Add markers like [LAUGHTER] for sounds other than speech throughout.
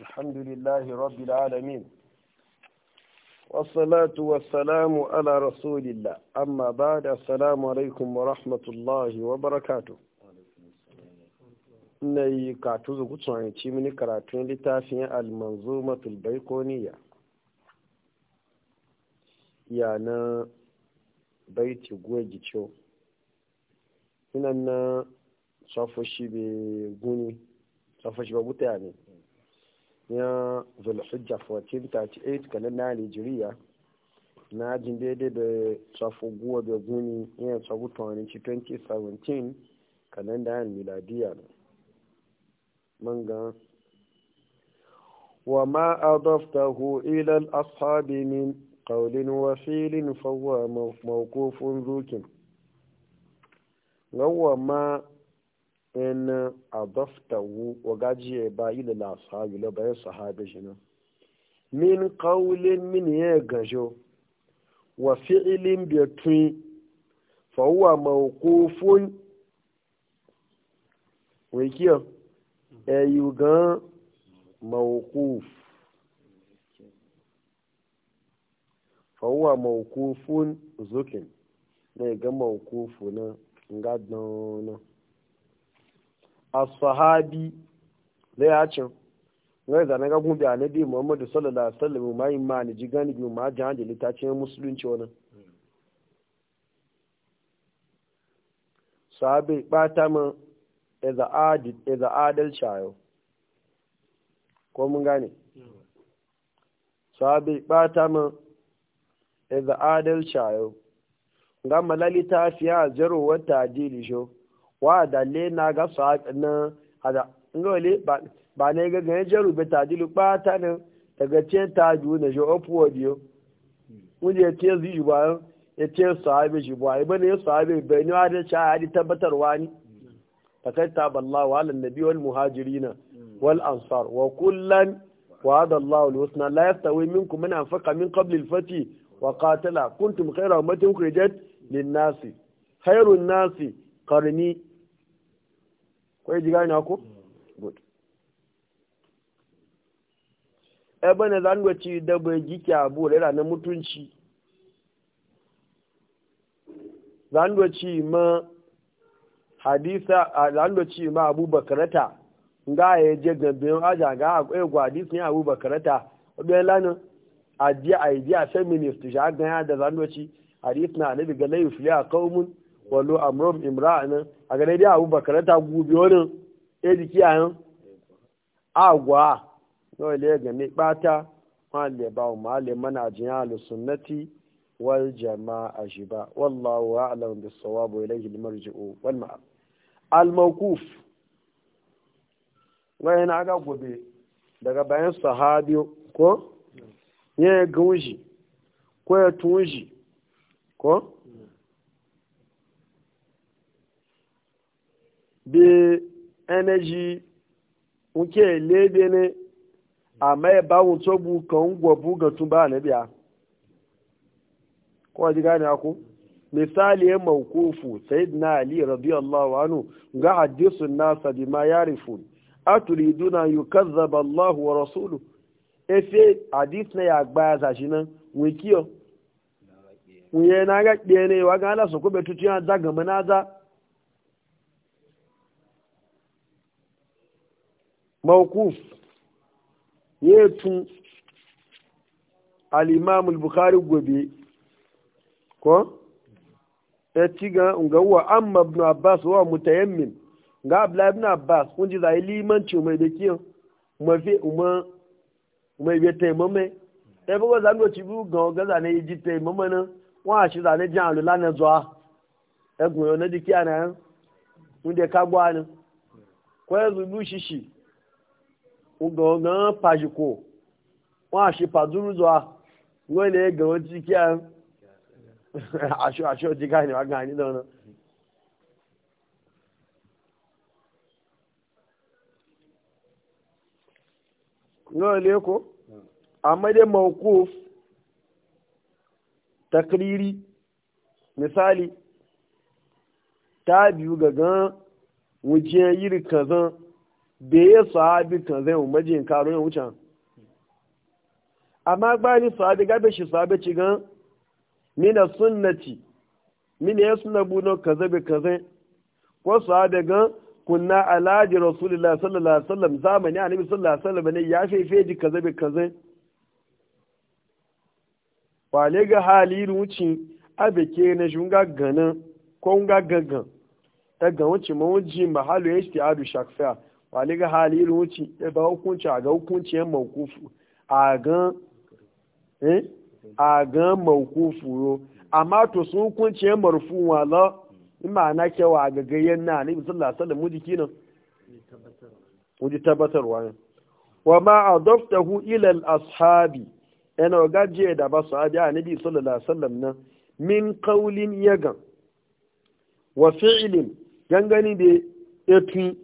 Alhamdulillahi Rabi al'adamin. Wasu salatu ala rasulillah, amma ba da salamu wa laifin wa barakatu barkatu. In na yi katuzu kutse an mini karatun littafin al'amanzu masu bikan yi. Ya na bai ta gwaji kyau? In na nuna bai guni, shafoshi bai mutu ya zulhijja 1438 kanin na nigeria na ajin daidai da tsafo guwa da guni ya tsafo tawani ci 2017 kanin da yan miladiya na manga wa ma a adafta hu ilal ashabi min kaulin wa filin fawa mawukofin zukin ga wa ma in adaftahu wa gajiye ba yi da sahabi la bayan sahabi shi nan min qawlin min ya gajo wa fi'lin bi fawuwa fa huwa mawqufun wai kiyo e yugan mawquf fa huwa mawqufun zukin ga mawqufu na ngadon na as-sahabi da ya ce wai da na ga gumbi annabi Muhammad sallallahu alaihi wasallam mai ma ni ji gani bi ma jahan jeli ta ce musulunci wannan sahabi bata mu iza adil iza adal shayo ko mun gane sahabi bata mu iza adal shayo ga malalita fiya zero wata adili sho wa dalle le na ga sa na hada ngole ba ba ne ga ganin jaru be ta dilu ba ta ne daga ce ta ju na jo opuwa biyo muje ce zi ba ya e ce sahabe shi ba ibn ya sahabe bai ni da cha hadi tabbatarwa ni takaitaba Allah wa nabi wal muhajirina wal ansar wa kullan وعد الله الحسنى لا يستوي منكم من أنفق من قبل الفتح وقاتل كنتم خير أمة أخرجت للناس خير الناس قرني kwai ji gane ko good ebe na zangoci da bai gike abu rera na mutunci ci ma hadisa a ci ma abubakarata nga e e ya je gabin aja ga akwai gwadisun abubakarata obin lanin ajiya a yi feminist ya a ganya da ci hadis na alibi ga laifin fiye a kaumun wallo amrom imra a gane dai abu bakara ta gubi wani ya jiki a yan agwa na wale ya gane bata mahalle ba le mana jin alu sunnati wal jama'a shi ba a'lam bis sawab wa ilayhi al marji'u wal ma'ab al mawquf na aga gobe daga bayan sahabi ko ya gunji ko ya tunji ko bi energy nke lebe ne amma ya ba wuto bu kan gwabu ga tun ba na biya ko ji gane ku misali ya e mawkufu sayyidina ali radiyallahu anhu ga hadisun nasa bima yarifun aturiduna yukazzaba allah wa rasuluhu efe hadis na ya gba sa shi nan wikiyo wuye na ga ɗaya ne wa ga ala su kube tutu ya na manaza mawkuf ya tun al-imam al-bukhari gobe ko ya ci wa amma ibn abbas wa mutayammin ga abdullahi ibn abbas kun ji zai limanci mai da kiyan mafi umma mai bi taimame ya bugo zan do ci ji wa shi zane jan alula na zuwa egun yo na dikiya na kagwa nan ko ya zubu shishi ugongan pajiko wọn àṣe pàdúrúzọ a ti kí a aṣọ aṣọ ti ká gan nínú ọ̀nà. kó takriri misali ta biyu ga gan wuce yiri da ya sahabi kan zai mu majin karo ya wuce amma gbani sahabi gabe shi sahabi ci gan mina sunnati mina ya suna buno kaza bi kaza ko sahabi gan kunna alaji rasulullah sallallahu alaihi wasallam zamani anabi sallallahu alaihi wasallam ne ya fefe ji kaza bi kaza wale ga hali wuce abeke na shunga ganin ko nga gangan ta ga wuce mawuji mahalu ya shi adu shakfiya wali ga hali ruci e ba hukunci a ga hukunci yan maukufu a gan eh a gan maukufu ro amma to su hukunci yan marfu wala in ma na wa ga gayyan na ni sallallahu alaihi wasallam mudiki nan mudi tabbatarwa wa ma adaftahu ila al ashabi ina gaje da ba sahabi annabi sallallahu alaihi wasallam nan min qaulin yagan wa fi'lin gangani da yatun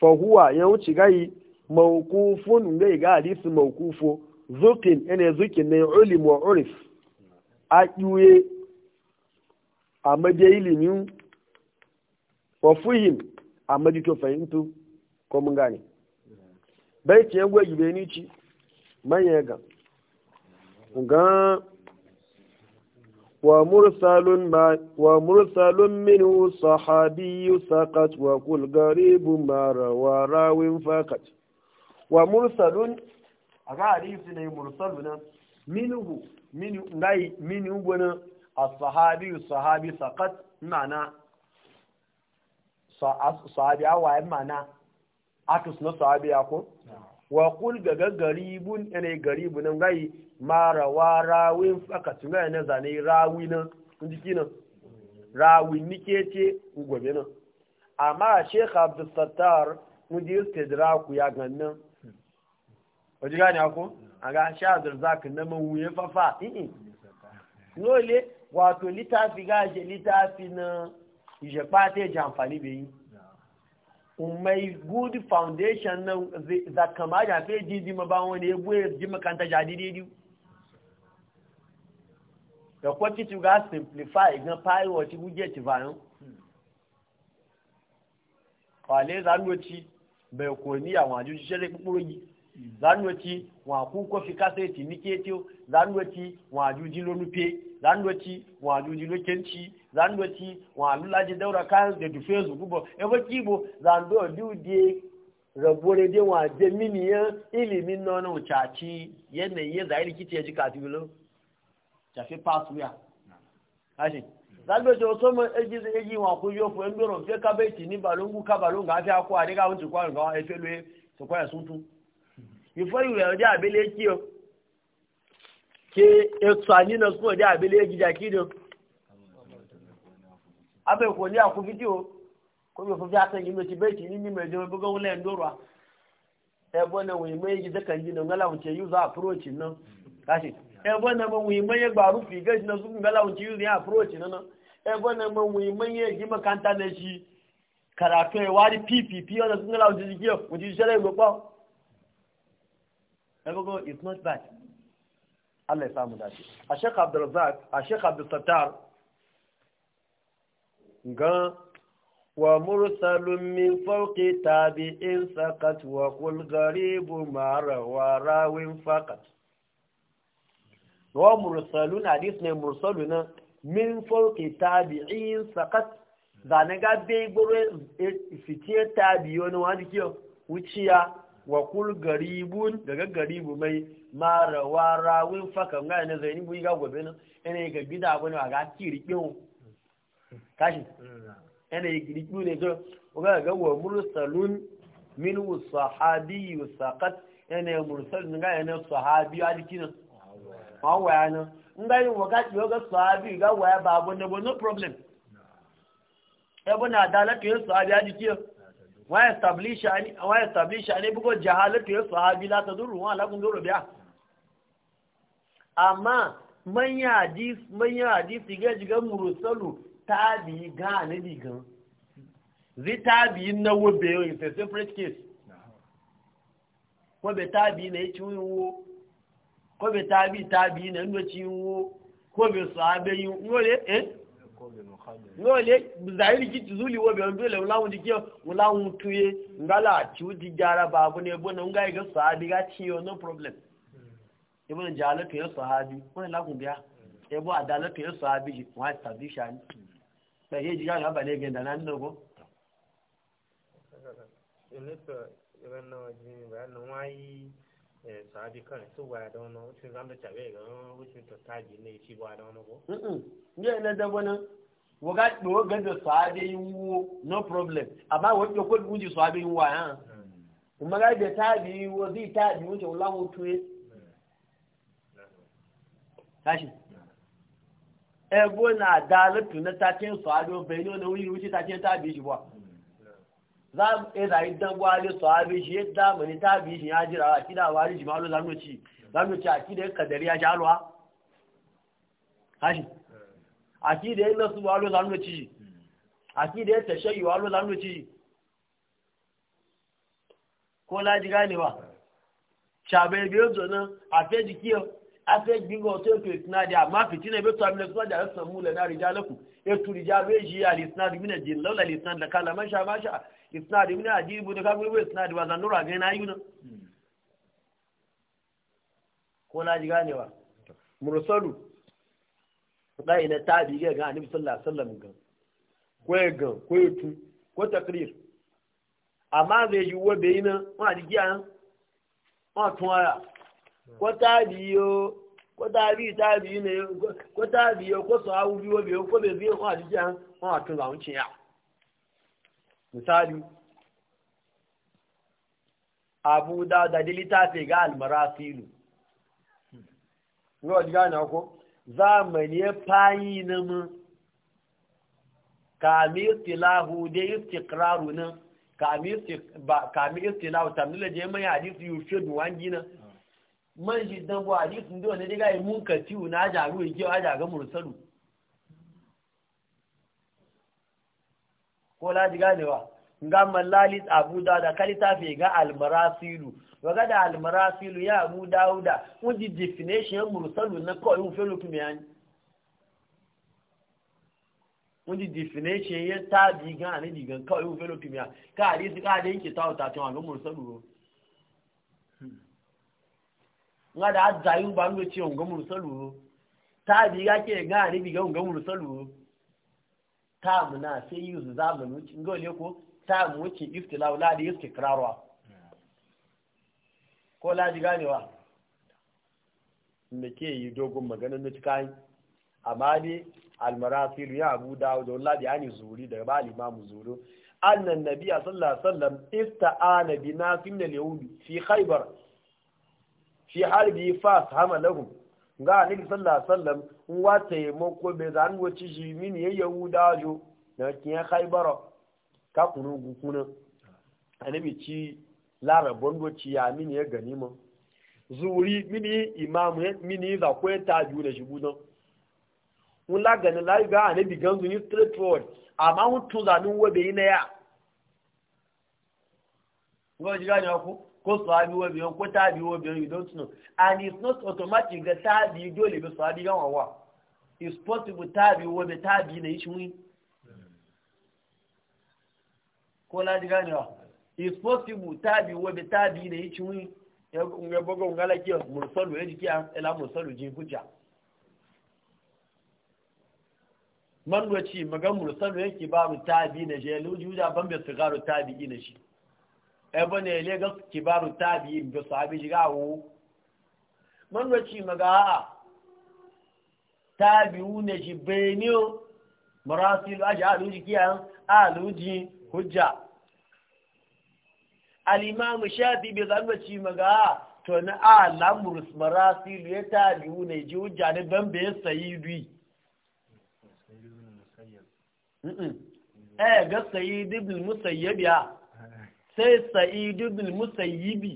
fahuwa ya wuce gai mawkufun gai ga hadisi mawkufo zukin ene zukin na ulim wa urif a kiwe a madiya ilimin wa fuhim a madito fahimtu ko mun gane bai ce yagwa ibe ni ci manya ga wa mursalun minu sahabiyu sakat wa kul garibu mara wa rawin fakat wa mursalun a ga harisi ne mursalun minu ngai minu gwana a sahabiyu sahabi sakat nana sahabi awa yi mana atus na sahabi ako wa kul ga garibun garibu na ngai ma rawa rawin aka tuna yana zane rawi nan jiki nan rawi nike ce gobe nan amma sheikh abdulsattar muji ku ya gannan wajen gani ako a ga sha zarzaki na mawuye fafa ini nole wato littafi gaje littafi na ijepa ta yi amfani bai mai good foundation na zakama jafe jiji ma ba wani ya buwe ji makanta jadi daidai ẹ̀kọ́ títí ga simplify gan pàìwọ̀ tí wújẹ́ ti fàyán wàlẹ́ zanúwẹ́tì bẹ̀rẹ̀ kò ní àwọn àjọṣiṣẹ́ lé púpúrú yìí zanúwẹ́tì wọn àkú kọfí kásẹ̀tì ní kéétí zanúwẹ́tì wọn àjọjí lónúpé zanúwẹ́tì wọn àjọjí lókèǹtì zanúwẹ́tì wọn àlúlájẹ dẹ́wọ́ra káyọ̀ dẹ̀dù fẹ́ẹ̀sù púpọ̀ ẹ̀fọ́ kí ibo zandó ọ̀dúndé rẹ̀gbọ́rẹ̀dẹ̀ wọn àjẹmí nìyẹn ìlì mi nọ́nà òchàchí yẹn nìyẹn zàírí kìtì ẹ̀jú kàtìbí lọ́wọ́. ṣàfi pàṣúyà káṣí lágbèjì ọ̀tọ́ mọ ẹjí ẹjí wọn kú yóò fún ẹgbẹ̀rún fẹ́ kábẹ́ẹ̀tì ní balóńgù kábàlóńgù àti akọ àdékáwọn ti kọ́ àrùn o mi fi ti ebe na mun manye gbaru figa shi na su kun gala wuce yuzu ya approach na nan ebe na mun manye ji makanta da shi karatu ya wari ppp wanda sun gala wuce jikiyar wuce shi shirai gbogbo ebe go it's not bad Allah ya samu dace a shek abdulrazak a abdulsatar ga wa mursalun min fauki tabi'in sakat wa kul garibu mara wa rawin wa mursalun hadis ne mursaluna min fawqi tabi'in saqat zane ga be gboro e, fitiye tabiyo ne wani kiyo wuciya wa kul garibun daga garibu mai mara wa rawin faka ga ne zaini bu ga gobe ne ene ga gida abu ne ga kirkiyo kashi ene kirkiyo ne ga ga ga wa mursalun min sahabi saqat ene mursalun ga ene sahabi alikinan ma waya na in ga yin wakati yau ga sahabi ga waya ba abu da no problem ebe na adalatu yin e sahabi ya jike waya establish ani waya establish ani bugo jahalatu yin e sahabi la ta duru wa la kun duru biya amma manya adi manya hadis ga jiga mursalu tabi ga ne digan zi tabi na wo be yo in separate case ko na yi ciwo ko be tabi tabi na ndo wo ko be sahabe yi ngole eh ngole zahiri ki tuzuli wo be ndole wala wala ngala ci wudi jara babu ne bona ngai ga sahabi ga ci yo no problem hmm. ibn jalatu hmm. hmm. ya sahabi ko la kun biya ebo adalatu ya sahabi wa tabishan ta ye jiga ga bale ga dana ndo ko ele to ibn nawaji ba no Eh, sahabi kan su wa da wani wucin zamda ga wucin ne ci ba da wani ko? ne na da wani waga ɗuwa ganda sahabi yin wo no problem amma wani da kwadin wuji sahabi yin wa ya mm. kuma ga da tabi yi wo zai tabi wuce wula mutu ya mm. tashi mm. ebo eh, na dalatu na tatin sahabi bai ne ta kin tatin tabi shi ba za mu ɗaya zai dan gwale su abin shi yadda mani ta bi shi ya jira a kida wari ji malo zamu ci zamu ci a kida ya kadari ya shalwa hashi a kida ya nasu walo zamu ci a kida ya tashayi walo zamu ci ko laji gane ba shabe biyo zo nan a fe afẹ́ gbígbọ́ tó ètò ìsinadì àmọ́ fìtínà ibi tó amílẹ̀ sọ́jà ẹ̀sán múlẹ̀ náà rìjà lẹ́kùn ètò rìjà méjì àlè ìsinadì mí lọ́la lè sinadì kálá máṣá ìsinadì mí nàìjíríà ibo ní kágbélé wọ́n ìsinadì wà zanúrò àgẹ́ náà yìí náà. na gan gan ko amma zai yi wa bai na wani wani tun ko tabiyo ko tabi tabi ne ko tabiyo ko sahabu biyo biyo ko be biyo ko hadija ko atun ga wuce ya misali abu da da dilita fi ga almarasilu ngo diga na ko zamani ya fayi na mu kami istilahu da istiqraru na kami istilahu tamdila je mai hadisi yushe duwan gina man shi dan bo hadisin da wani diga mun ka ciwo na jaru yi wa aja ga mursalu ko la diga ne wa ga mallalit abu dauda kalita fi ga almarasilu ga da almarasilu ya abu dauda mun wani definition mursalu na kawai un felo kuma mun wani definition ya tabi ga ani digan kawai un felo kuma ka hadisi ka da yake ta ta tun a ga mursalu nga da azayu ba ngo ce ngo ta bi ga ke ga ni bi ga ngo mursalu ta mu na sai yuzu zamanu ngo ne ko ta mu wuce iftilau la da yake kirarwa ko la ji ganewa me ke yi dogon magana na cikin amma dai almarasir ya abu dawo da wallahi yani zuri da ba al-imamu zuri annan nabiyya sallallahu alaihi wasallam ista'ana bi nasim min al-yahudi fi khaybar shi har harbi fa sama lahum ga annabi sallallahu alaihi wasallam in wa taimako be zan wuce shi min ya yahuda jo na kiya khaybara ka kunu gukuna anabi ci larabon ci ya min ya gani mu zuri min imam min za ko ta ju da shi gudan un la gani la ga anabi ganzu ni straight forward amma hutu tun zanin wabe ne ya ngo jiga ni ko ko sahabi wa biyan ko bi wa biyan you don't know and it's not automatic ga tabi dole bi sahabi ga wawa it's possible tabi wa bi tabi ne shi mun ko la diga ni wa it's possible tabi wa bi na ne shi mun ya ga bogo ngala ki mursalu ya dikiya ila mursalu jin kuja man wace magan mursalu yake babu tabi na jelu da ban bi sigaru tabi ina shi ebe na ele ga kibaru tabi bi sahabi jiga wo man wace maga a ah, tabi ne ji benio marasilu aji aluji kiyan aluji hujja al-imam shafi bi zan wace maga a to na a lamurus marasilu ya tabi ne ji hujja ne ban bai sayi bi eh ga sayi ibn musayyib ya sai sa'idu bin musayyibi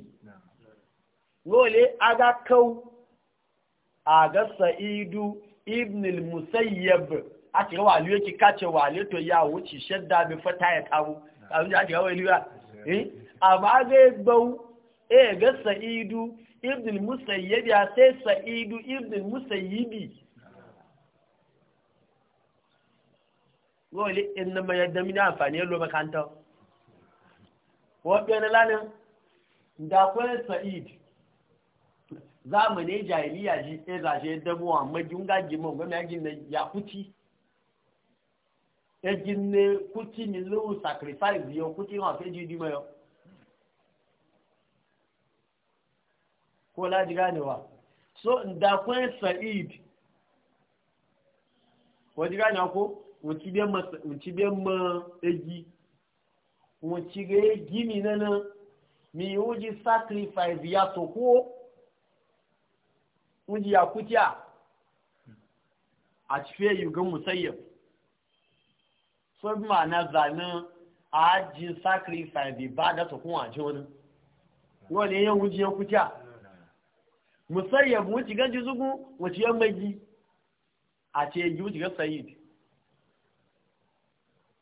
dole aga kau aga sa'idu ibn musayyab a cikin aliyu ki kace waliyo to ya wuce shadda bi fata ya kawo abin da a cikin waliyo eh amma ga gbau eh ga sa'idu ibn musayyab ya sai sa'idu ibn musayyibi Wole, inna ma yadda mini amfani lo makanta wọ́n bẹ̀rẹ̀ lánàá ndakwen sa'id zamanin jahiliya ji ɗaya zashe dabuwa magin gaji mun gwamna yagin na ya kuci yagin ne kuci ne lu sacrifice yau kuci ma fe jidi mayo ko laji ganewa so ndakwen sa'id wajen ganewa ko wuci biyan ma egi wọn ti ge gimi nana mi yi ji sacrifice yàtọ̀ kó wọn ji yakutiya a cife yuga musayyar sun ma na zanen a ji sacrifice ba da ta kuma ji wani wani yan wuji yan kutiya musayyar wuci ganji zugu wuci yan magi a ce yi wuci gan sayid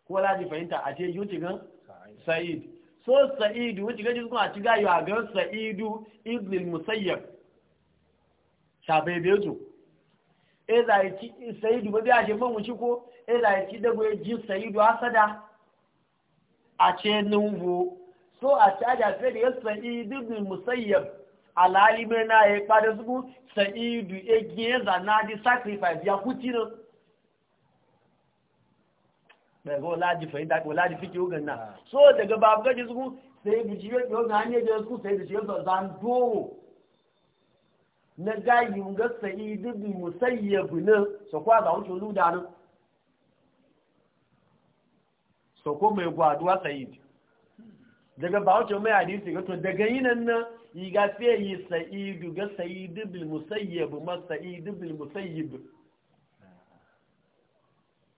ko laji fahimta a ce yi gan sa'id so sa'idu wacce gajin suna a ci gayu a gan sa'idu Ibn musayyab shabebe zo e za yi ci sa'idu ba biya shi man wuce ko e za yi ci dago ya ji sa'idu sada a ce nungu. so a ci aja fe da ya sa'idu Ibn musayyab alali mai na ya kpada zubu sa'idu ya gina zana di sacrifice ya kuti nan daga olaji fahimta ko olaji fiki ugan na ah. so daga babu gaji su sai da shi yau ga hanyar da su sai da shi yau zan doro na gayi ga sa'idu bi musayyab ne so kwa ga wuce luda nan so ko mai gwaduwa sa'idu daga ba wuce mai hadisi ga to daga yinan nan yi ga sai yi sa'idu ga sa'idu bil musayyab ma sa'idu bil musayyab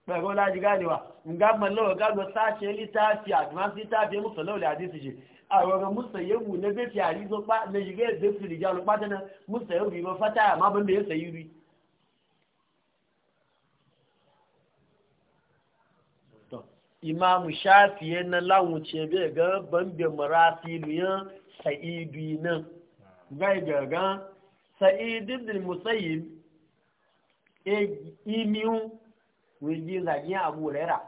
pẹ̀lú láti gáàdìwà ǹgágbọ̀nlọ́wọ̀ gágbọ́ sáàṣẹ́ lítàfí àdìmáṣí tàbí mùsùlọ́wọ̀lẹ̀ àdìsìṣẹ́ àwọ̀rọ̀ mùsùlẹ̀wù lẹ́gbẹ̀fì àrízọpá lẹ́yìnlẹ́ ìgbẹ̀fì ìjánu pátánà mùsùlẹ̀wù ìbọn fátàyà má bọ́ mẹ́rin sẹ́yìn rí imamu lawun ga bambe marafilu yan sa'idu nan gai gagan wiji zagin abu rera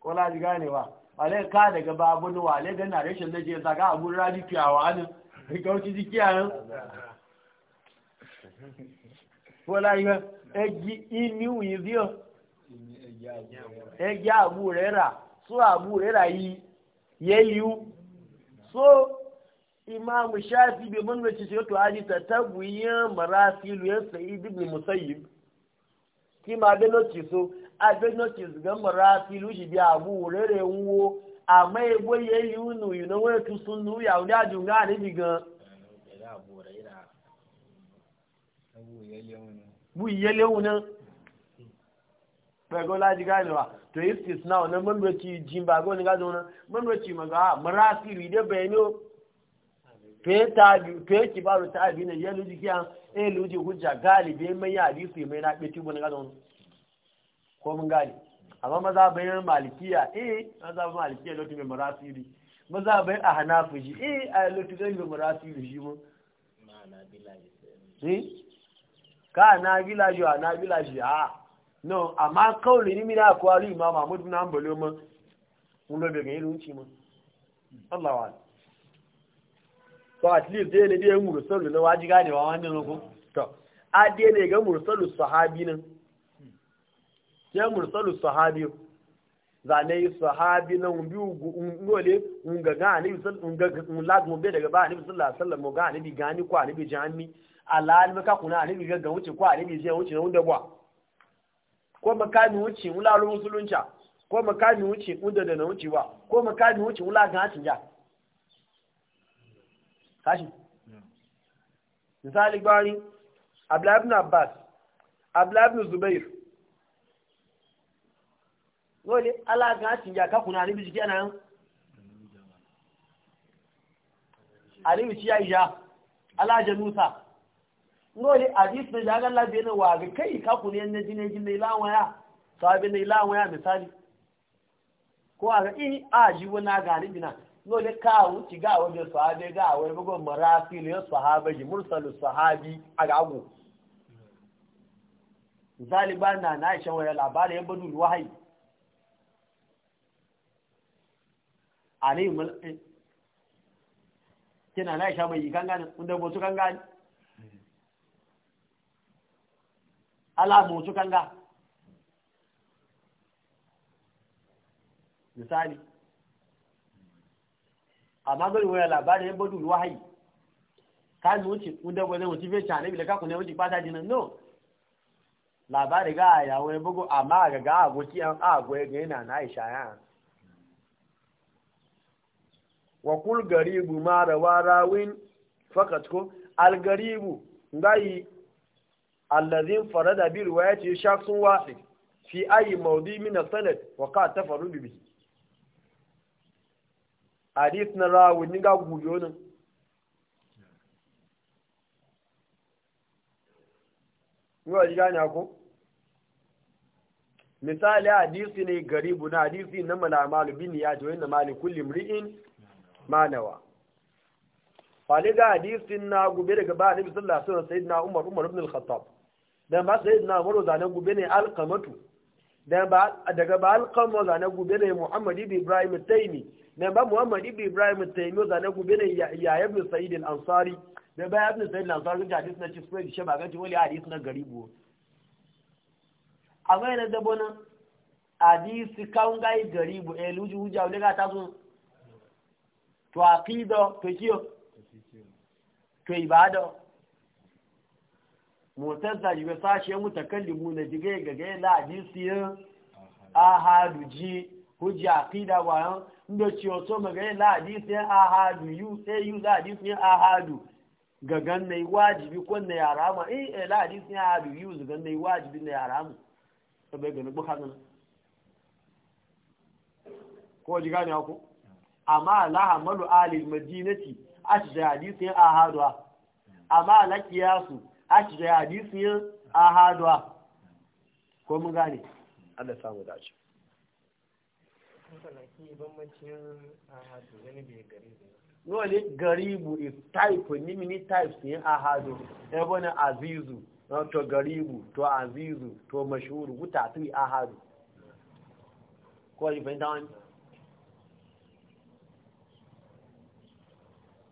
ko laji ganewa wale ka daga babu ni wale ga na rashin da je zaga abu radi fiyawa ne da kauci jiki a nan ko laji ga egi ini e wiziyo egi abu rera so abu rera yi yayu so imam shafi bai mun wace ce to aji ta tabuyin marasilu ya sa'id ibn musayyib kí máa bẹ́ lọ́tì so abẹ́ lọ́tì gan mọ̀ra ti ìlú ṣìbí àbú rere ń wo àmọ́ egbó yẹ yìí nù ìnáwó ètò nù àjò ńgá níbi gan. bú léwu pẹ̀gọ́ láti wa mọ̀gá mọ̀ra pé tàbí pé tàbí lójú kí á eh luji hujja galibi mai ya yi mai na ɓe tubu na gadon ko mun gane amma maza bayan malikiya eh maza bayan malikiya lotu mai marasiri maza bayan a hanafi ji eh a lotu zai mai marasiri shi mun eh? ka na gilaji a na gilaji a no amma kawai ni mina akwari ma mahmud na ambalo mun mun lobe ga yi lunci mun Allah wa'ala so at least dai ne dai mursalu na waji ganewa wannan ko to a dai ne ga mursalu sahabi nan ya mursalu sahabi zane sahabi na umbi ngole unga ga ga unga lag mu be daga ba ni sallallahu alaihi wasallam ga bi gani kwa ni jami alal maka kuna bi ga ga wuce kwa bi je wuce na unda bwa ko maka ni wuce ulalu musulunca ko maka ni wuce unda da na wuce ba ko maka ni wuce ulaga hatin ja kashi misali gbani abdullahi abbas abdullahi zubair Wole, alaga cin ya kakuna ni bishiki ana yan alibici ya iya alajanusa wani hadis da jagar labe na ga kai kakuna yan na ne na ilawaya sabi na ilawaya misali ko a ga ini a ji wani galibi na dole kawo ci ga wajen sahabe ga wai bugun marafi ne sahaba ji mursalu sahabi a gago zaliba na na ishe wani labari ya badu wahayi alayhi mulki eh, kina na ishe mai yi kan gani inda botu kan ala botu kan ga misali amma gari wani labarin yan badu wahayi ka ni wuce kun da gwazon wuce fe cane bila kakun ne wuce fata jinan no labarin ga a yawon ya bugu amma ga ga agoki an agoye ga yana na aisha ya wa kul garibu ma rawa rawin fakat ko al garibu ngai allazin farada bi ce shakhsun wahid fi ayi mawdi min sanad wa qad tafarru bihi hadis na rawu ni ga guyo nan yau ji gane ko misali hadisi ne garibu na hadisi na malamalu bin ya ji wani mali kulli mri'in manawa fali ga hadisin na gube daga ba nabi sallallahu alaihi wasallam sayyidina umar umar ibn al-khattab dan ba sayyidina umar zanen gube ne al alqamatu dan ba daga ba alqamu zanen gube ne muhammad ibn ibrahim taymi ne ba Muhammad ibn Ibrahim Taymiyo da na gube ne ya ibn Sa'id al-Ansari da ba ibn Sa'id al-Ansari ga hadisi na cikin shi ba ga wani hadisi na garibu amma yana da bona hadisi kan gai garibu eh luju huja wani ga tazo to aqida to kiyo to ibada mutazza yi sashi ya e, mutakallimu na jige ga ga la hadisi ahaduji hujja aqida wa ndoci oto magana la hadisi ahadu yu sai yu la hadisi ahadu ga ganna wajibi ko na yara ma eh la hadisi ahadu yu ga ganna wajibi na yara mu sabai ga nubu hakan ko ji gane ku amma la hamalu alil madinati ashda hadisi ahadu amma la kiyasu ashda hadisi ahadu ko mun gane Allah samu dace no wani garibu e type ni mini types a ahadu ya bona azizu to garibu to azizu to mashuru buta tri ahadu ko yi ban dan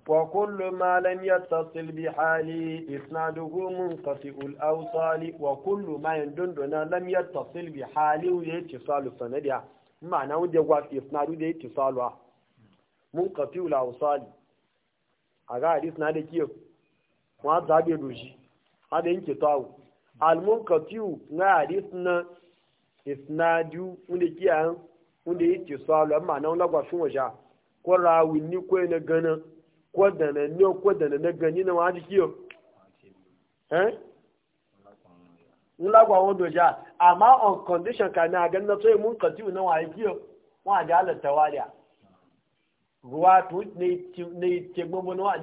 wa kullu ma lam yattasil bi hali isnaduhu munqati al awsali wa kullu ma yandunduna lam yattasil bi hali yati salu sanadiya ma'ana wanda ya gwafi isnadu da yake salwa mun kafi wula usali a ga hadis na da kiyo kuma zabe doshi hada yanke tawo almun kafi na hadis na isnadu wanda kiyan wanda yake salwa ma'ana wanda gwafin waje ko rawunni ko na gana ko dana ne ko dana na gani na wajen kiyo eh nla gwa wodo ja amma on condition ka na ga na sai mun kati na wa yiyo wa da ala tawaliya ruwa tu ne ne te gbogbo na wa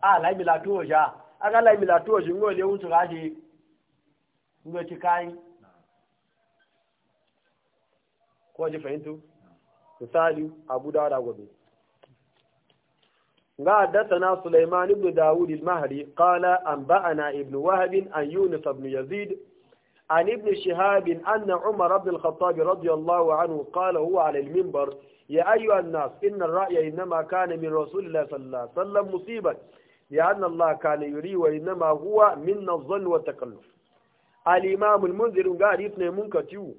a la mi la to ja aga la mi la to ji ngo le un tu ti kai ko ji fahimtu gobe حدثنا سليمان بن داود المهري قال أنبأنا ابن وهب أن يونس بن يزيد عن ابن شهاب أن عمر بن الخطاب رضي الله عنه قال هو على المنبر يا أيها الناس إن الرأي إنما كان من رسول الله صلى الله عليه وسلم مصيبة لأن الله كان يري وإنما هو من الظن والتكلف الإمام المنذر قال إثنين منكتو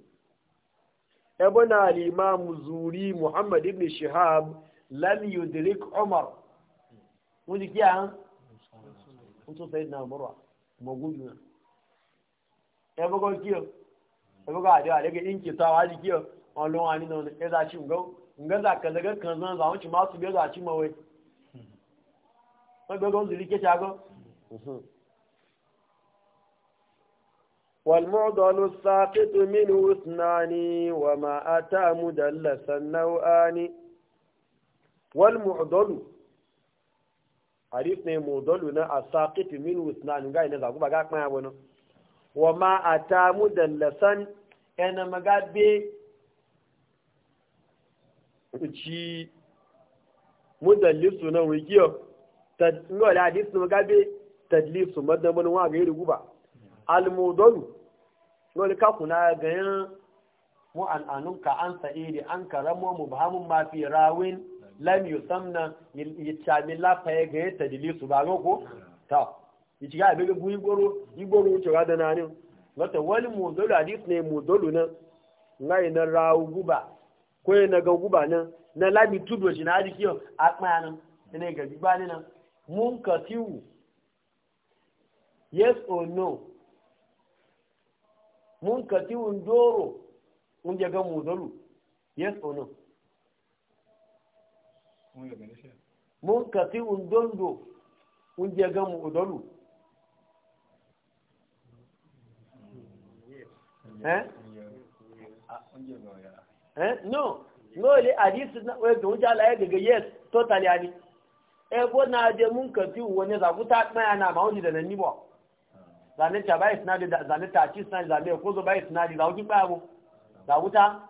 ابن الإمام الزوري محمد بن شهاب لم يدرك عمر wọ́n ti kí à ń wọ́n tún fẹ́ ìdìnnà ọ̀bọ̀rọ̀ mọ̀gún jù náà ẹ kí ọ ẹ bọ́kọ́ àdé àdéke ìǹkì tó àwọn kí ọ wọn ló wà nínú ẹ dà sí ǹgọ́ ǹgọ́ dà kẹ̀lẹ́gẹ́ kan náà làwọn ti máa tún bí ó dà sí mọ̀ wọ́n gbẹ́gbẹ́ ń zìrí kéṣe والمعضل الساقط منه اثنان وما أتى مدلسا نوآن والمعضل hadith ne mudallu na asaqit min usnan ga ina zagu ba ga kan yabo no wa ma ata mudallasan ina magabe ci mudallisu na wigiyo tadno la hadith no tadlisu madan mun wa ga yiru al mudallu no ka kuna ga mu an anun an sa'idi an karamu mubhamun ma rawin lam yusamna yitami la paye ga ta dili su ba ko ta yici ga bege bu igoro igoro wuce ga dana ne wata wali mu hadis ne mu na? nan ngai na rawu guba ko na ga guba nan na labi tudo shi na hadisi yo akpa nan ne ga guba ne nan mun ka tiwu yes or no mun ka tiwu ndoro mun ga mu yes or no mun kati undondo unje ga mu udolu eh eh? Ah, eh no no le hadith na we ga unja la ga yes totally ani e eh, ko na je mun kati wani za ku ta mai ana ma wani da nan ni ba zane ta bai sinadi zane ta ci sinadi zane ko zo bai sinadi da wani ba ku za wuta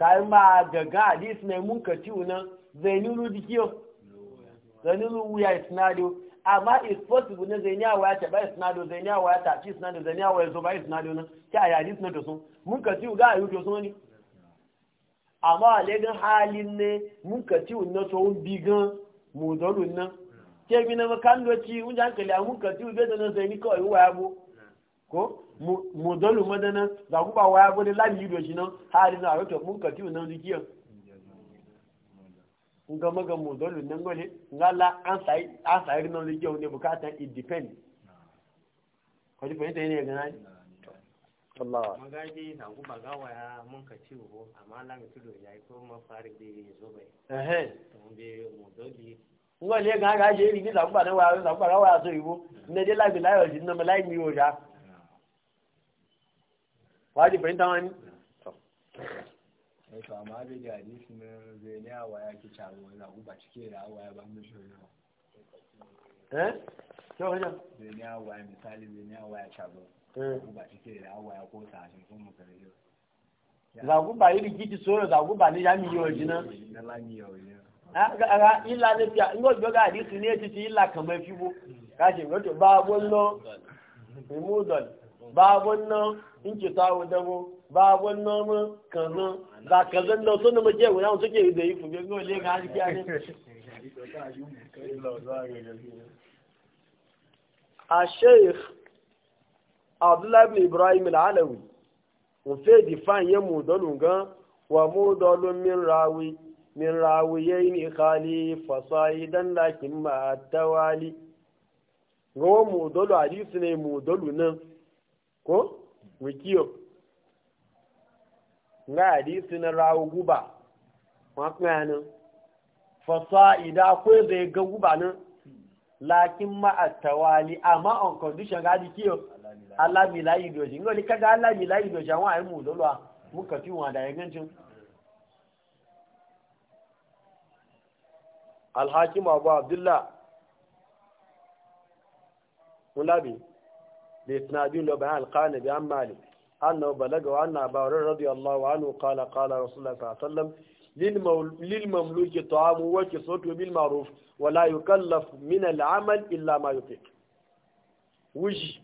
kayan ma gaga hadis mai munka ciwo nan zai nuru jikiyo zai nuru wuya sinado amma is possible na zai niyawa ya taɓa ba zai niyawa ya taɓa sinado zai niyawa ya zo ba sinado nan ta a hadis na to sun munka ciwo ga ayu to sun ne amma a legan halin ne munka ciwo na to un bigan mudorun nan ke bi na makan ci un jankali a munka ciwo be da na zai ni kawai wuya bu ko modalu madana za ku ba waya bane lami yi doshi nan hari na rota mun ka tiwo nan zikiya N'ga ga maga na nan gole ngala an sai an sai ne bukatan it depend ko di fahimta ne ga nani magaji na ku ba waya mun ka amma lami tudo yayi ko ma fari bi zo bai eh eh mun bi ngole ga ga je ni za ku ba na waya za ku ba waya so yibo ne je labi layo jin na malai mi ja waji fahimta wani eh, to amma da ga hadisi na zai ne a waya ki caro wani abu ba cike da awa ya ba mu shi eh kyau hanya zai ne a waya misali zai ne a waya caro abu ba eh. cike da waya ko sashen sun mu kare yau zagu ba yi rikici soro zagu ba ni yi yau jina aga illa ne fiya in gobe ga hadisi ne titi illa kamar fibo kace wato babun no remudal babun no nke tawo dabo babon noma kaza da kazan da sun da muke guda suke da yi fuge go le ga haki ne a sheikh abdullahi bin ibrahim al-alawi on fait di fan ye mu gan wa mu dolun min rawi min ni khali fasaidan lakin ma tawali go mu dolu hadisi ne mu dolu nan ko wikiyo nga hadisi na rawo guba wakana fasa'ida ko zai ga guba nan lakin ma ma'attawali amma on condition ga dikiyo Allah mi layi doji ngo ni kaga Allah mi layi doji an ayi mu dolwa muka fi wa da yangancin Al-Hakim Abu Abdullah Mulabi بإسناد لبعان القانب عن مالك أنه بلغ عن أبا رضي الله عنه قال قال رسول الله صلى الله عليه وسلم للمملوك طعام وكسوته بالمعروف ولا يكلف من العمل إلا ما يطيق وجي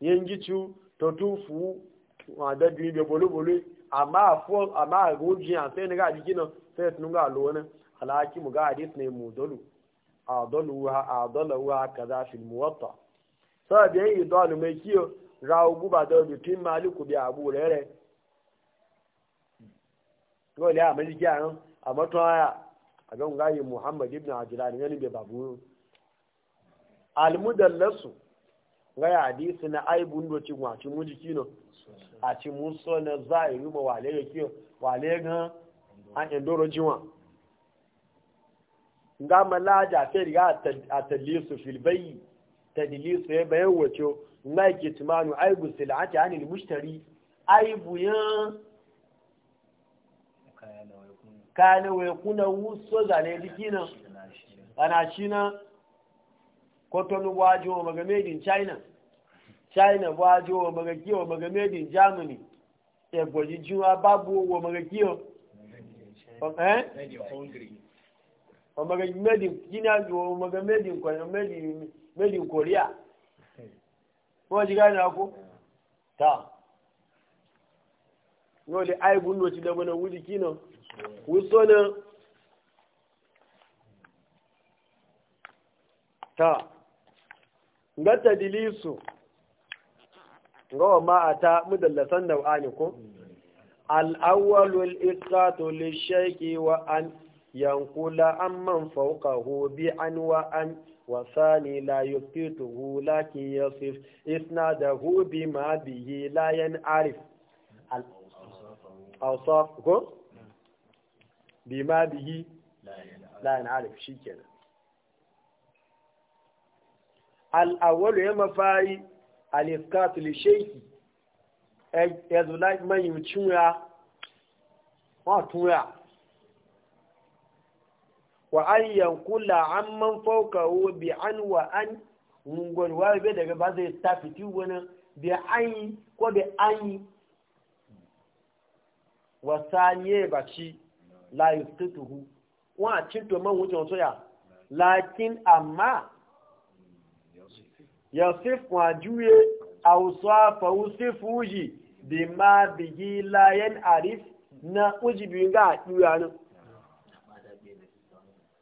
ينجتو تطوفو وعدد biyu bai بولو أما amma أما غوجي amma a gujiya sai na gaji gina sai tunu ga alwani alhaki mu ga hadis ne mu dolu sọ́ọ̀dì èyí dọ́ọ̀lù méjì o ra ogún bàtà odò tí màálùkù bí àbú rẹ̀ rẹ̀ yóò a muhammad ibn abdullah ni wọ́n ní bẹ̀bà búrú almudallasu ya na aibu ń doci wọn àti na za ìlú mọ wà an ìdóró jí wọn nga malaja tadlisu ya bayan wace na ke tumanu aibu sil'ati anil mushtari aibu ya kana wai kuna wuso zane dikina ana shina kotonu wajo maga made in china china wajo maga kiyo maga made in germany e gwaji jiwa babu wo maga kiyo eh maga made in maga made in kwa made in made in korea ko ji gane ku ta yole ai gundo ci da mana wuri kino wuso na ta ngata dilisu ngawa ma ata mudallasan da wani ko al'awwalu al'iqatu lishayki wa an yankula amman fawqahu bi an wa an وثاني لا يثبته لكن يصف إسناده بما به لا ينعرف أوصافه بما به لا ينعرف شيء كده الأول يما فاي الإسقاط لشيء يزلك من يمتشويا ما تويا wa an yankula an man fauka bi an wa an ngon wa be daga ba zai ta fiti wani bi an ko bi an yi wa saniye ba ci la yuftuhu wa ci to man wuce wato ya lakin amma yasif wa juye fuji bi ma bi yi yan arif na ujibi ga duya nan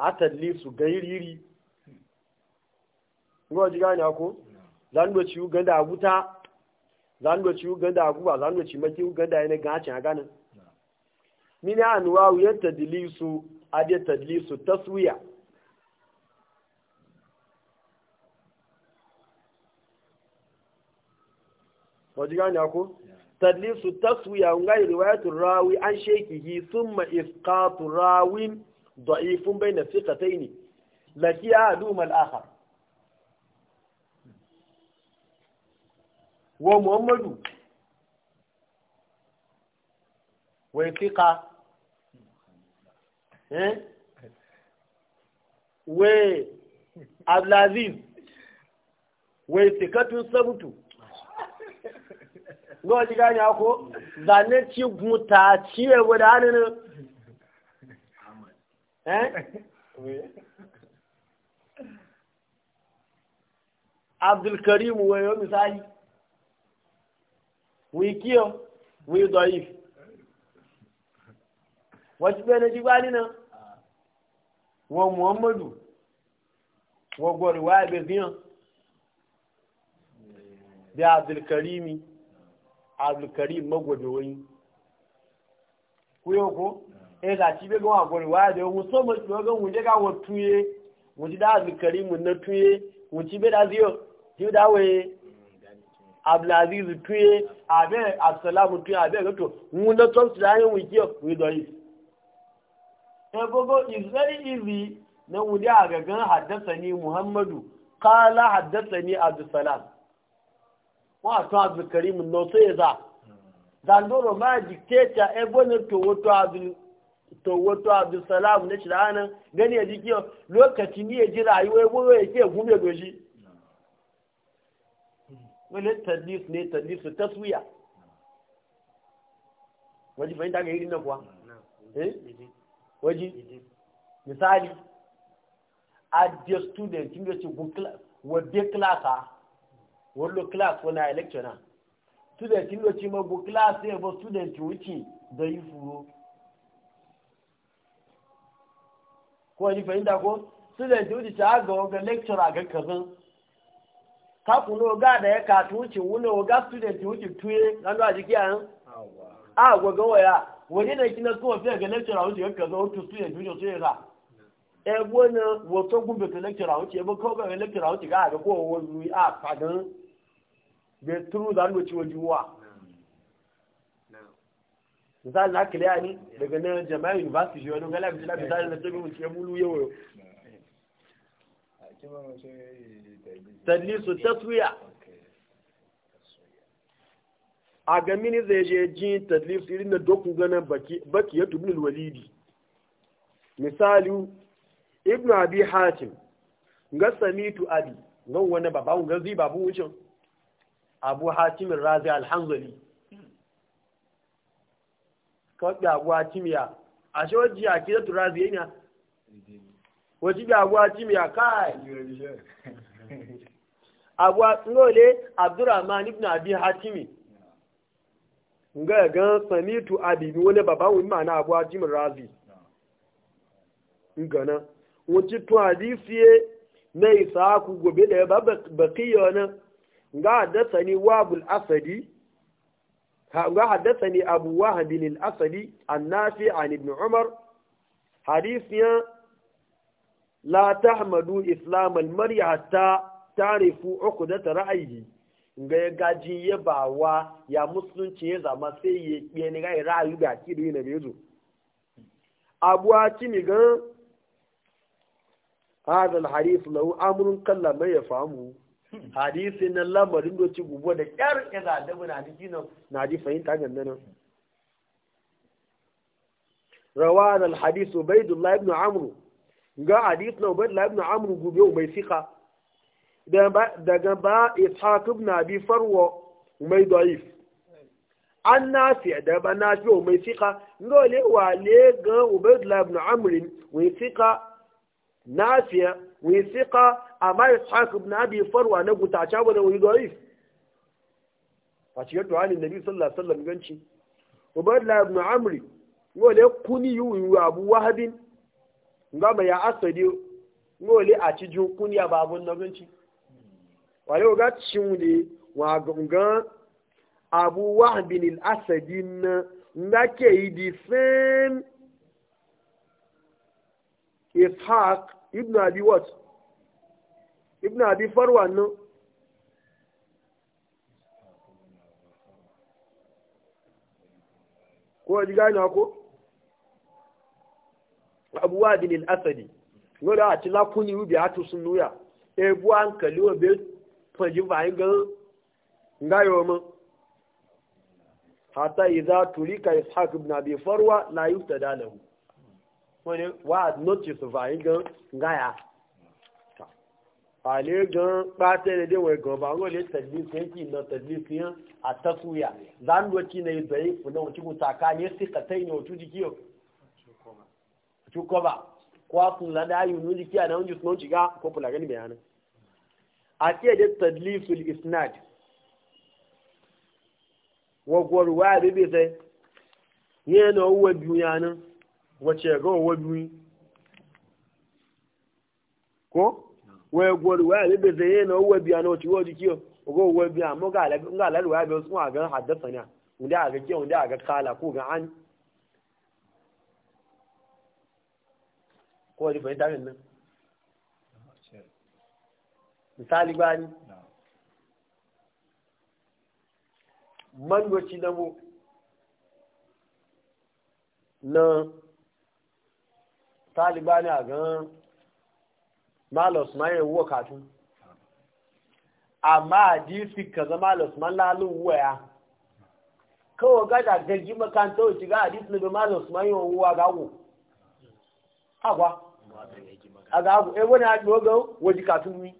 atalli su gairiri ruwa ji gani ako zan doci ciwu ganda a guta zan doci ciwu ganda a guba zan doci ci maki ganda yana gacin a ganin mini anuwa wuyar tadili su ade tadili su taswiya wajen gani ako tadili su taswiya ngai riwayatul rawi an shekihi thumma isqatu rawin da'ifun bayna thiqatayn laki adum al-akhar wa muhammadu wa thiqa eh wa abdulaziz wa thiqatu sabtu ngo jiganya ko zane ci guta ciwe Eh? abdulkarim wayo misali wikiyo wi doif wacce bai na ji gbani nan wa muhammadu wa gwariwa ya beziyan da abdulkarimi abdulkarim magwajewai ku yau ko e za ci bai gawa gwani waya da yawon so mace wagan wuje ga wa tuye wuci da azikari mun na tuye wuci bai da ziyo ji da waye abdulaziz tuye abe absalamu tuye abe gato mun na tun su da yin wikiyo wido yi e eh, gogo is very easy na wuje a gagan haddasa ni muhammadu kala haddasa ni abdusalam wato abdulkarim no sai za zandoro ma ne to wato abdul to wato abdulsalam na shiranan gani ya jiki lokaci ni ya ji rayuwa wuro ya ke gume goshi wani tadis ne tadis su taswiya waji fahimta ga irin na kuwa eh waji misali a the student in yace gun class wadde class ha wallo class wani student in yace ma gun class ne ba student wuce da yi furo ko ni fahimta ko student wuce ta ga ga lecturer ga kazan ka kuno ga da ya ka tuci wuno ga student wuce tuye nan da jiki an a go ga waya wani da kina ko fi ga lecturer wuce ga kazan wuce student wuce tuye ya, e gona wato gumbe ga lecturer wuce ebe ko ga lecturer wuce ga ga ko wani a fadan be turu da wuce wajuwa misali na kiliya ni daga na jama'a university wani gala bisila misali na tobi mun ya mulu yau yau tadlisu taswiya a ga mini zai je ji tadlisu irin da dokun ganin baki ya tubin walidi misali ibn abi hatim ga samitu abi nan wani babu gazi babu wucin abu hatimin razi alhanzali kawai agwa a shi wajen a kira tura zai ne wajen bi agwa timiya kai agwa nole abdurrahman ibn hatimi ga ga samitu abibi wani baba wani mana agwa timin razi gana wajen tun na isa gobe da ya ba ga da sani wabul asadi ga haddathani abu wahab asali an nafi a an ibn umar Hadisiya la tahmadu islam al-mar'i hatta tarifu ta ra'ayi ga gaji ya wa ya musulunci ya zama sai ya kiye ni ga ra'ayi ga kiri na bezo abuwa ci cini gan hadal lau amurin kalla mai ya famu [LAUGHS] hadisi na lamarin doci gubo da kyar yana da muna hadisi nan na ji fahimta ga nan rawan al-hadith ubaydullah ibn amr ga hadith na ubaydullah ibn amr gubo mai sika daga ba ishaq ibn abi farwa mai da'if an nafi da ba nafi mai sika ngole wale ga ubaydullah ibn amr mai sika nafiya wisiqa ama ishaq ibn abi farwa na gutaca ba da wani da'if a cikin du'anin nabi sallallahu alaihi wasallam ganci ubaydullah ibn amri wole kuni yu abu wahabin ngama ya asadi wole a ci jun kuni ya babun na ganci wale ga cin ne wa gangan abu wahabin al-asadi na ke yi di same ishaq ibn abi wat ibn abi farwa nan ko ji na ko abu wadin al-asadi wala a tila kuni ubi a tu sun nuya e bu an kali o be faji yin gan yo mo hatta idza tulika ishaq ibn abi farwa la yuftada lahu wani wa not to survive gan ngaya ale gan kpata ne dewa gan ba ngo le tadbi kenti na tadbi kiyan atakuya zan wati ne zai funa wuci ku taka ne sai ka tai ne wuci dikiyo ku ko ba kwa kun la da yu nu na unju sun jiga ko kula gani bayana a ce da tadliful isnad wa gwarwa bibi sai wace ga wabi ko waya gwari waya ne bai zai yana wabi na wace wabi kiyo ga wabi amma ga alalar waya bai sun a ga haddasa ne wanda a ga kiyo wanda a ga kala ko ga an ko wani fahimta min nan misali bani man wace na mu na taliba ne a gan malos ma yi wuwa katun amma a disi ka zama malos ma lalin wuwa ya kawo gada gaji makanta wuce ga a disi na bai malos ma yi wuwa gago agwa a gago e wani agbo ga waje katun ni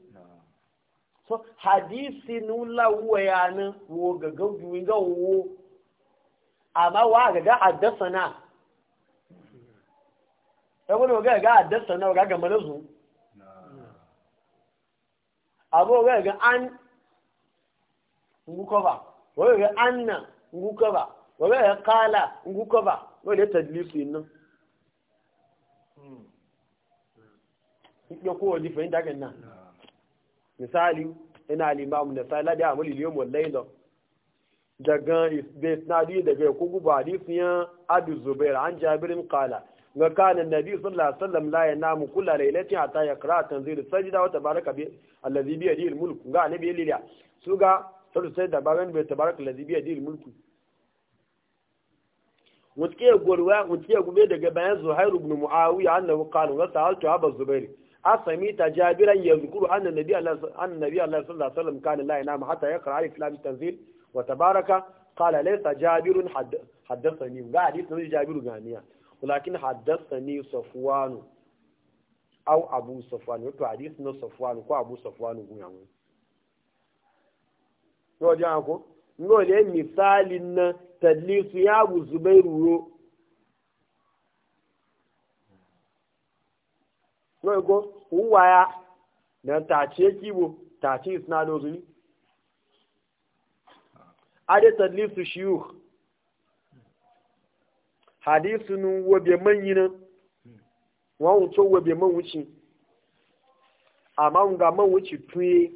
so hadisi nula wuwa ya nan wo ga gaujuwi ga wo amma wa ga ga addasa na saboda ga ga addasa na ga gama nasu abu ga ga an nguko ba wai ga anna nguko ba wai ga kala nguko ba wai da tadlisu innan ya kowa ji ina da sai ladi amuli liyo daga daga ko abu zubair an jabirin kala وكان النبي صلى الله عليه وسلم لا ينام كل ليلة حتى يقرأ تنزيل السجدة وتبارك به الذي بيده الملك قال النبي ليلى سوغا صلى السيد بابن تبارك الذي بيده الملك وتكي غوروا وتكي غوبي دغه بيان زهير بن معاويه انه قال وسالت ابا الزبير أسميت جابرا يذكر أن النبي الله أن النبي الله صلى الله عليه وسلم كان لا ينام حتى يقرأ عليه كلام التنزيل وتبارك قال ليس جابر حد حدثني قال حديث جابر غانيه walakin haddathani safwan aw abu safwan wato hadith na safwan ko abu safwan gunya mu yo ja ko ngo le misalin na tadlisu ya abu zubairu ro ngo ko huwa ya na tace kibo tace isnadozuni ade tadlisu shiyukh hadisi nun wabe man yi nan wọn wuce wabe man wuce amma nga man wuce tuye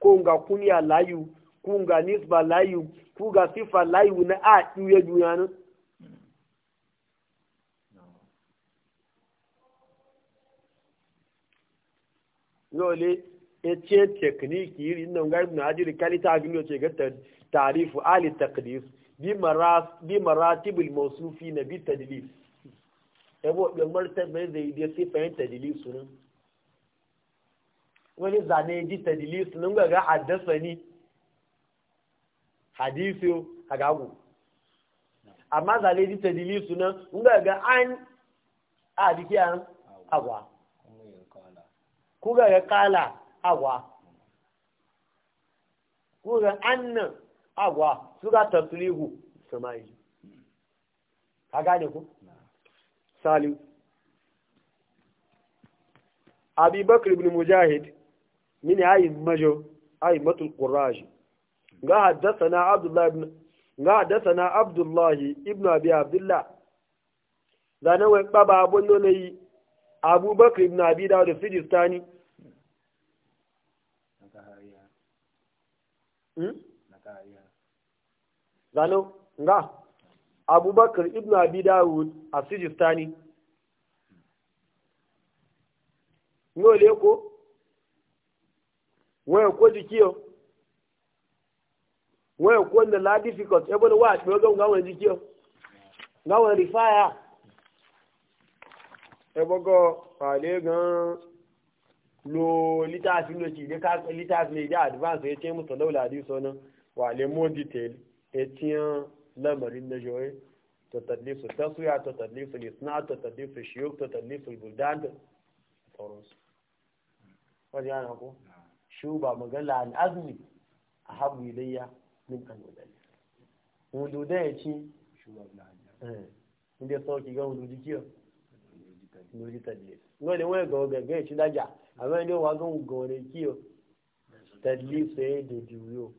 ko nga kuniya layu ko nga nisba layu ko ga sifa layu na a tuye duniya nan lole ya ce tekniki iri nan ga ibn hajar kalita abin ce ga tarifu ali taqdis bi maratibul mausufi na bi tadlis yabo ɗin martabai zai dai sai fahimta tadlis nan wani zane ji tadlis nan ga haddasa ni hadisi a gagu amma zane ji tadlis nan ga ga an a jiki an agwa kuga ga kala agwa kuga nan. agwa suka taslihu samayi ka gane ku salim abubakar bakr ibn mujahid min ayi majo ayi matul qurraj ga haddathana abdullah ibn ga haddathana abdullah ibn abi abdullah zana wa baba abun no yi abu bakr ibn abi dawud sijistani hmm? zano nga abubakar ibn abi dawud a sijistani ngole ko waya ko jikiyo waya ko na la difficult e bodo wa ti o gawo gawo rifaya e bogo pale gan lo litasi lo ti de litasi advance e te mu to dawla di so wa etiyan lamarin na ta tadlisu taswiya ta tadlisu isna ta tadlisu shiyuk ta tadlisu buldan da sauransu a ga ya ga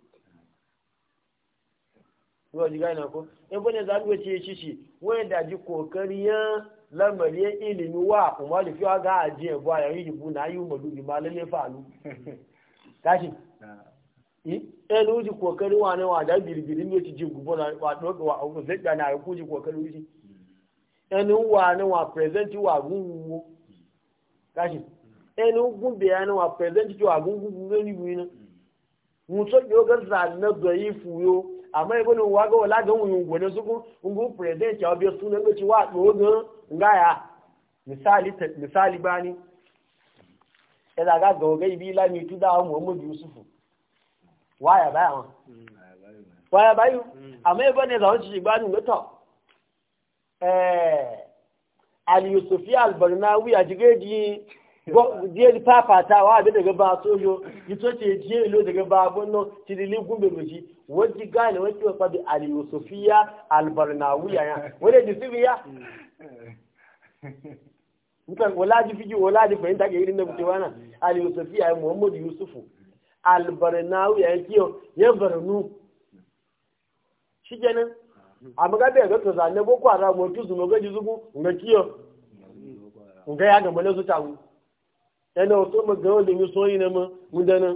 yau ji gane ko in bane za ku ce shi shi wai da ji kokari ya lamari ya ilimi wa kuma da fiwa ga ajiye ba ya yi bu na yi umaru bi ma lalle falu [LAUGHS] tashi eh lu eh, ji kokari wa ne wa da birbirin ne ci ji gubo na wa doka wa ku zai dana ku ji kokari ji ẹni wa ni wa present wa gungun hmm. tashi ẹni eh, gun biya ni wa present wa gungun lórí bu ina hmm. muso yoga zanna doyi fuyo amma ibn waga wala ga wuyun gone su ku ngu president ya biyo sunan ga ci wa dogon ngaya misali misali bani ila e ga ga ga bi la mi tu da Muhammad Yusufu waya baya wa waya yu amma ibn ne zawo ci bani mutan eh al Yusufi al Barnawi a jigeji jiye di fafatawa da daga ba sojo yi to ce jiye lo daga babun nan tililin gumbe mai wajen gane wajen wasa da al-yusufiya al-barnawiya ya wajen yusufiya [LAUGHS] mutan walaji fiji walaji fahimta ke irin da kuke wana al-yusufiya ya muhammadu yusufu al-barnawiya ya kiyo ya barnu shi kenan a magabe ga to zane boko haram wato su magaji zugu ga kiyo ga ya ga mala su wu. yana wato magawa da mu soyi na ma mudanar.